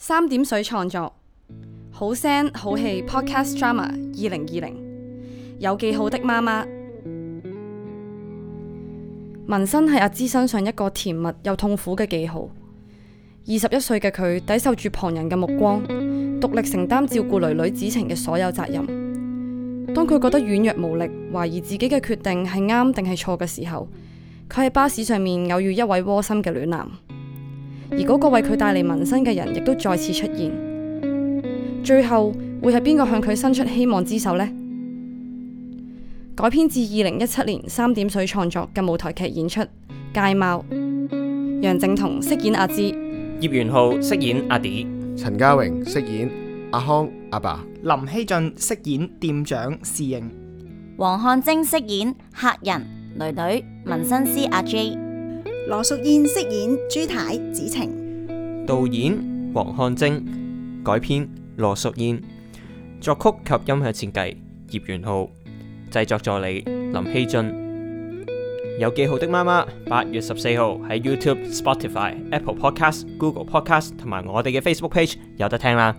三點水創作好聲好戲 Podcast Drama 二零二零有記號的媽媽。紋身係阿姿身上一個甜蜜又痛苦嘅記號。二十一歲嘅佢抵受住旁人嘅目光，獨力承擔照顧囡囡子晴嘅所有責任。當佢覺得軟弱無力，懷疑自己嘅決定係啱定係錯嘅時候，佢喺巴士上面偶遇一位窩心嘅暖男。而嗰個為佢帶嚟紋身嘅人，亦都再次出現。最後會係邊個向佢伸出希望之手呢？改編自二零一七年三點水創作嘅舞台劇演出《街貓》，楊正彤飾演阿芝，葉元浩飾演阿迪，陳家榮飾演阿康阿爸，林希俊飾演店長侍應，黃漢晶飾演客人囡囡紋身師阿 J。羅淑燕飾演朱太子晴，導演黃漢貞，改編羅淑燕，作曲及音響設計葉元浩，製作助理林希俊。有記號的媽媽，八月十四號喺 YouTube、Spotify、Apple Podcast、Google Podcast 同埋我哋嘅 Facebook Page 有得聽啦。